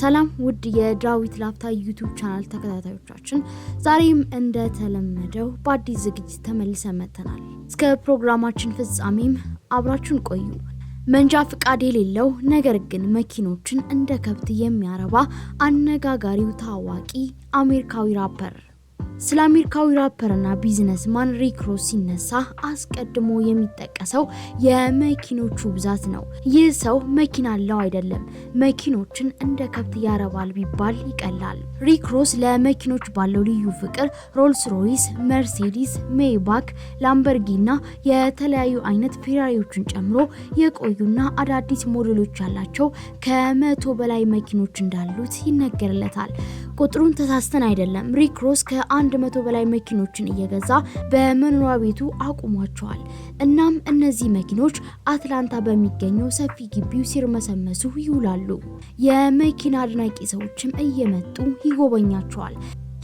ሰላም ውድ የዳዊት ላፍታ ዩቱብ ቻናል ተከታታዮቻችን፣ ዛሬም እንደተለመደው በአዲስ ዝግጅት ተመልሰን መጥተናል። እስከ ፕሮግራማችን ፍጻሜም አብራችን ቆዩ። መንጃ ፍቃድ የሌለው ነገር ግን መኪኖችን እንደ ከብት የሚያረባ አነጋጋሪው ታዋቂ አሜሪካዊ ራፐር ስለ አሜሪካዊ ራፐርና ቢዝነስማን ሪክ ሮስ ሲነሳ አስቀድሞ የሚጠቀሰው የመኪኖቹ ብዛት ነው። ይህ ሰው መኪና አለው አይደለም፣ መኪኖችን እንደ ከብት ያረባል ቢባል ይቀላል። ሪክ ሮስ ለመኪኖች ባለው ልዩ ፍቅር ሮልስ ሮይስ፣ መርሴዲስ፣ ሜይባክ፣ ላምበርጊና የተለያዩ አይነት ፌራሪዎችን ጨምሮ የቆዩና አዳዲስ ሞዴሎች ያላቸው ከመቶ በላይ መኪኖች እንዳሉት ይነገርለታል። ቁጥሩን ተሳስተን አይደለም። ሪክ ሮስ ከአንድ መቶ በላይ መኪኖችን እየገዛ በመኖሪያ ቤቱ አቁሟቸዋል። እናም እነዚህ መኪኖች አትላንታ በሚገኘው ሰፊ ግቢው ሲርመሰመሱ ይውላሉ። የመኪና አድናቂ ሰዎችም እየመጡ ይጎበኛቸዋል።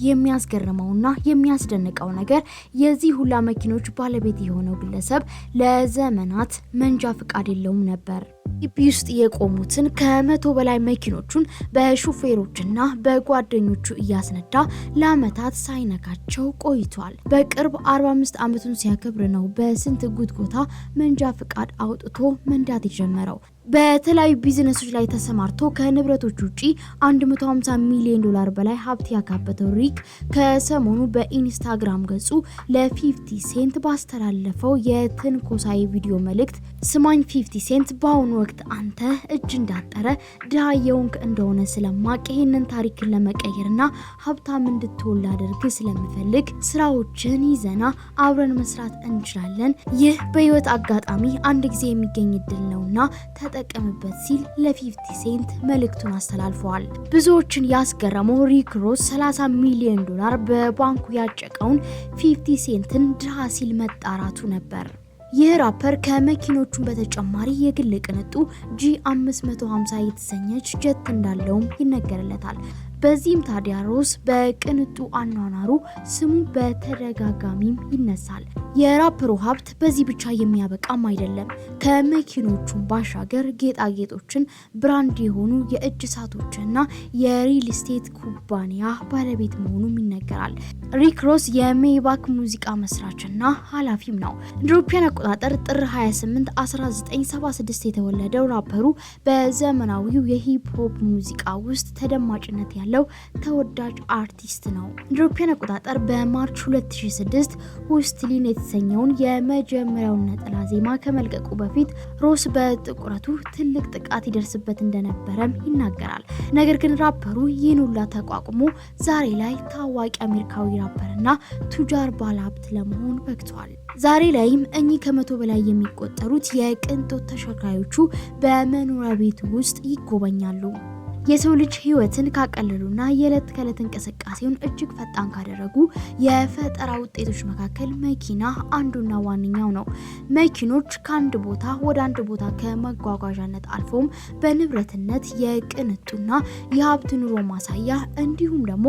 የሚያስገርመውና የሚያስደንቀው ነገር የዚህ ሁላ መኪኖች ባለቤት የሆነው ግለሰብ ለዘመናት መንጃ ፍቃድ የለውም ነበር። ግቢ ውስጥ የቆሙትን ከመቶ በላይ መኪኖቹን በሹፌሮችና በጓደኞቹ እያስነዳ ለአመታት ሳይነካቸው ቆይቷል። በቅርብ 45 ዓመቱን ሲያከብር ነው በስንት ጉትጎታ መንጃ ፍቃድ አውጥቶ መንዳት የጀመረው። በተለያዩ ቢዝነሶች ላይ ተሰማርቶ ከንብረቶች ውጪ 150 ሚሊዮን ዶላር በላይ ሀብት ያካበተው ሪክ ከሰሞኑ በኢንስታግራም ገጹ ለ50 ሴንት ባስተላለፈው የትንኮሳዊ ቪዲዮ መልእክት ስማኝ ፊፍቲ ሴንት በአሁኑ ወቅት አንተ እጅ እንዳጠረ ድሃ የውንክ እንደሆነ ስለማቅ ይህንን ታሪክን ለመቀየርና ሀብታም እንድትሆን ላደርግ ስለምፈልግ ስራዎችን ይዘና አብረን መስራት እንችላለን። ይህ በህይወት አጋጣሚ አንድ ጊዜ የሚገኝ እድል ነውና ተጠቀምበት ሲል ለፊፍቲ ሴንት መልእክቱን አስተላልፈዋል። ብዙዎችን ያስገረመው ሪክ ሮስ 30 ሚሊዮን ዶላር በባንኩ ያጨቀውን ፊፍቲ ሴንትን ድሃ ሲል መጣራቱ ነበር። ይህ ራፐር ከመኪኖቹን በተጨማሪ የግል ቅንጡ ጂ 550 የተሰኘች ጀት እንዳለውም ይነገርለታል። በዚህም ታዲያ ሮስ በቅንጡ አኗኗሩ ስሙ በተደጋጋሚም ይነሳል። የራፐሩ ሀብት በዚህ ብቻ የሚያበቃም አይደለም። ከመኪኖቹ ባሻገር ጌጣጌጦችን፣ ብራንድ የሆኑ የእጅ ሰዓቶችና የሪል ስቴት ኩባንያ ባለቤት መሆኑም ይነገራል። ሪክ ሮስ የሜይባክ ሙዚቃ መስራችና ኃላፊም ነው። እንደ አውሮፓውያን አቆጣጠር ጥር 28 1976 የተወለደው ራፐሩ በዘመናዊው የሂፕሆፕ ሙዚቃ ውስጥ ተደማጭነት ያለ ያለው ተወዳጅ አርቲስት ነው። እንደ አቆጣጠር በማርች 2006 ሆስትሊን የተሰኘውን የመጀመሪያውን ነጠላ ዜማ ከመልቀቁ በፊት ሮስ በጥቁረቱ ትልቅ ጥቃት ይደርስበት እንደነበረም ይናገራል። ነገር ግን ራፐሩ ይህን ተቋቁሞ ዛሬ ላይ ታዋቂ አሜሪካዊ ራፐርና ቱጃር ባለሀብት ለመሆን በቅቷል። ዛሬ ላይም እኚህ ከመቶ በላይ የሚቆጠሩት የቅንጦት ተሽከርካሪዎቹ በመኖሪያ ቤቱ ውስጥ ይጎበኛሉ። የሰው ልጅ ህይወትን ካቀለሉና የዕለት ከዕለት እንቅስቃሴውን እጅግ ፈጣን ካደረጉ የፈጠራ ውጤቶች መካከል መኪና አንዱና ዋነኛው ነው። መኪኖች ከአንድ ቦታ ወደ አንድ ቦታ ከመጓጓዣነት አልፎም በንብረትነት የቅንጡና የሀብት ኑሮ ማሳያ እንዲሁም ደግሞ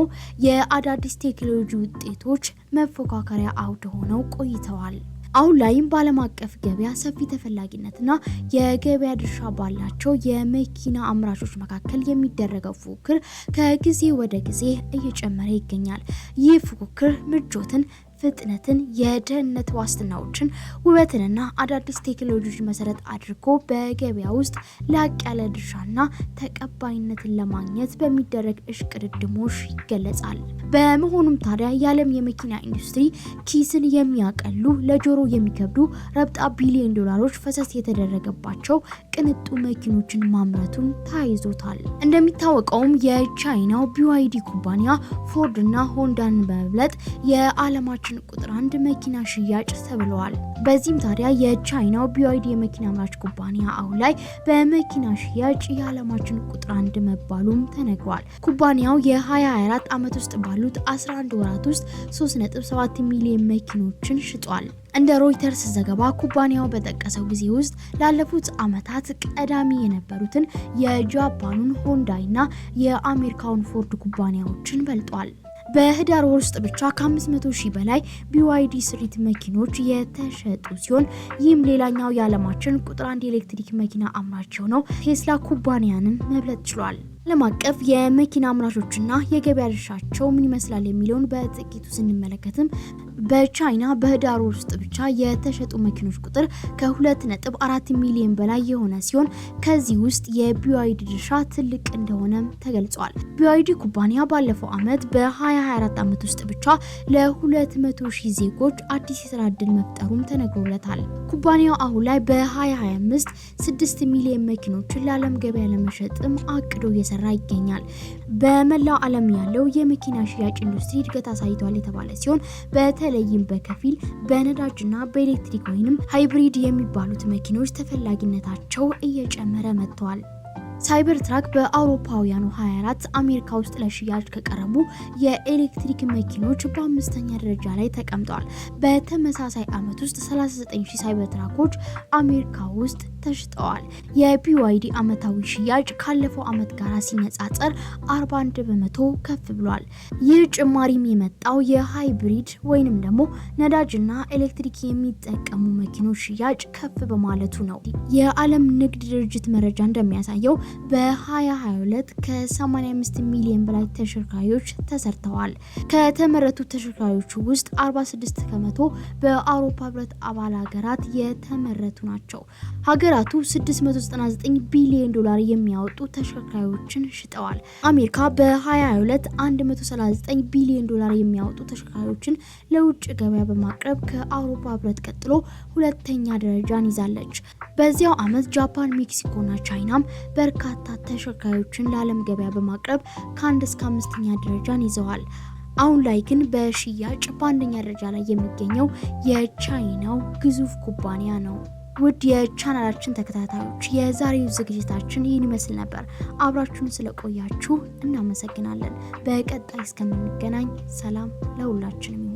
የአዳዲስ ቴክኖሎጂ ውጤቶች መፎካከሪያ አውድ ሆነው ቆይተዋል። አሁን ላይም በዓለም አቀፍ ገበያ ሰፊ ተፈላጊነትና የገበያ ድርሻ ባላቸው የመኪና አምራቾች መካከል የሚደረገው ፉክክር ከጊዜ ወደ ጊዜ እየጨመረ ይገኛል። ይህ ፉክክር ምቾትን ፍጥነትን፣ የደህንነት ዋስትናዎችን፣ ውበትንና አዳዲስ ቴክኖሎጂ መሰረት አድርጎ በገበያ ውስጥ ላቅ ያለ ድርሻና ተቀባይነትን ለማግኘት በሚደረግ እሽቅድድሞሽ ይገለጻል። በመሆኑም ታዲያ የዓለም የመኪና ኢንዱስትሪ ኪስን የሚያቀሉ ለጆሮ የሚከብዱ ረብጣ ቢሊዮን ዶላሮች ፈሰስ የተደረገባቸው ቅንጡ መኪኖችን ማምረቱን ተያይዞታል። እንደሚታወቀውም የቻይናው ቢዋይዲ ኩባንያ ፎርድና ሆንዳን በመብለጥ የዓለማችን ቀን ቁጥር አንድ መኪና ሽያጭ ተብለዋል። በዚህም ታዲያ የቻይናው ቢዋይዲ የመኪና አምራች ኩባንያ አሁን ላይ በመኪና ሽያጭ የዓለማችን ቁጥር አንድ መባሉም ተነግሯል። ኩባንያው የ2024 ዓመት ውስጥ ባሉት 11 ወራት ውስጥ 3.7 ሚሊዮን መኪኖችን ሽጧል። እንደ ሮይተርስ ዘገባ ኩባንያው በጠቀሰው ጊዜ ውስጥ ላለፉት ዓመታት ቀዳሚ የነበሩትን የጃፓኑን ሆንዳይና የአሜሪካውን ፎርድ ኩባንያዎችን በልጧል። በህዳር ወር ውስጥ ብቻ ከ500 ሺህ በላይ ቢዋይዲ ስሪት መኪኖች የተሸጡ ሲሆን ይህም ሌላኛው የዓለማችን ቁጥር አንድ የኤሌክትሪክ መኪና አምራች የሆነው ቴስላ ኩባንያንን መብለጥ ችሏል። ዓለም አቀፍ የመኪና አምራቾችና የገበያ ድርሻቸው ምን ይመስላል የሚለውን በጥቂቱ ስንመለከትም በቻይና በህዳር ውስጥ ብቻ የተሸጡ መኪኖች ቁጥር ከ2.4 ሚሊዮን በላይ የሆነ ሲሆን ከዚህ ውስጥ የቢዋይዲ ድርሻ ትልቅ እንደሆነም ተገልጿል። ቢዋይዲ ኩባንያ ባለፈው ዓመት በ2024 ዓመት ውስጥ ብቻ ለ200 ሺህ ዜጎች አዲስ የስራ እድል መፍጠሩም ተነግሮለታል። ኩባንያው አሁን ላይ በ2025 6 ሚሊዮን መኪኖችን ለዓለም ገበያ ለመሸጥም አቅዶ እየሰራ ይገኛል። በመላው ዓለም ያለው የመኪና ሽያጭ ኢንዱስትሪ እድገት አሳይቷል የተባለ ሲሆን በተ በተለይም በከፊል በነዳጅና በኤሌክትሪክ ወይም ሃይብሪድ የሚባሉት መኪኖች ተፈላጊነታቸው እየጨመረ መጥተዋል። ሳይበር ትራክ በአውሮፓውያኑ 24 አሜሪካ ውስጥ ለሽያጭ ከቀረቡ የኤሌክትሪክ መኪኖች በአምስተኛ ደረጃ ላይ ተቀምጠዋል። በተመሳሳይ ዓመት ውስጥ 39 ሺህ ሳይበር ትራኮች አሜሪካ ውስጥ ተሽጠዋል። የቢዋይዲ አመታዊ ሽያጭ ካለፈው አመት ጋር ሲነጻጸር 41 በመቶ ከፍ ብሏል። ይህ ጭማሪም የመጣው የሃይብሪድ ወይንም ደግሞ ነዳጅና ኤሌክትሪክ የሚጠቀሙ መኪኖች ሽያጭ ከፍ በማለቱ ነው። የዓለም ንግድ ድርጅት መረጃ እንደሚያሳየው በ2022 ከ85 ሚሊዮን በላይ ተሽከርካሪዎች ተሰርተዋል። ከተመረቱ ተሽከርካሪዎች ውስጥ 46 ከመቶ በአውሮፓ ህብረት አባል ሀገራት የተመረቱ ናቸው። ሀገር ሀገራቱ 699 ቢሊዮን ዶላር የሚያወጡ ተሽከርካሪዎችን ሽጠዋል። አሜሪካ በ2022 139 ቢሊዮን ዶላር የሚያወጡ ተሽከርካሪዎችን ለውጭ ገበያ በማቅረብ ከአውሮፓ ህብረት ቀጥሎ ሁለተኛ ደረጃን ይዛለች። በዚያው ዓመት ጃፓን፣ ሜክሲኮና ቻይናም በርካታ ተሽከርካሪዎችን ለዓለም ገበያ በማቅረብ ከአንድ እስከ አምስተኛ ደረጃን ይዘዋል። አሁን ላይ ግን በሽያጭ በአንደኛ ደረጃ ላይ የሚገኘው የቻይናው ግዙፍ ኩባንያ ነው። ውድ የቻናላችን ተከታታዮች የዛሬው ዝግጅታችን ይህን ይመስል ነበር። አብራችሁን ስለቆያችሁ እናመሰግናለን። በቀጣይ እስከምንገናኝ ሰላም ለሁላችንም።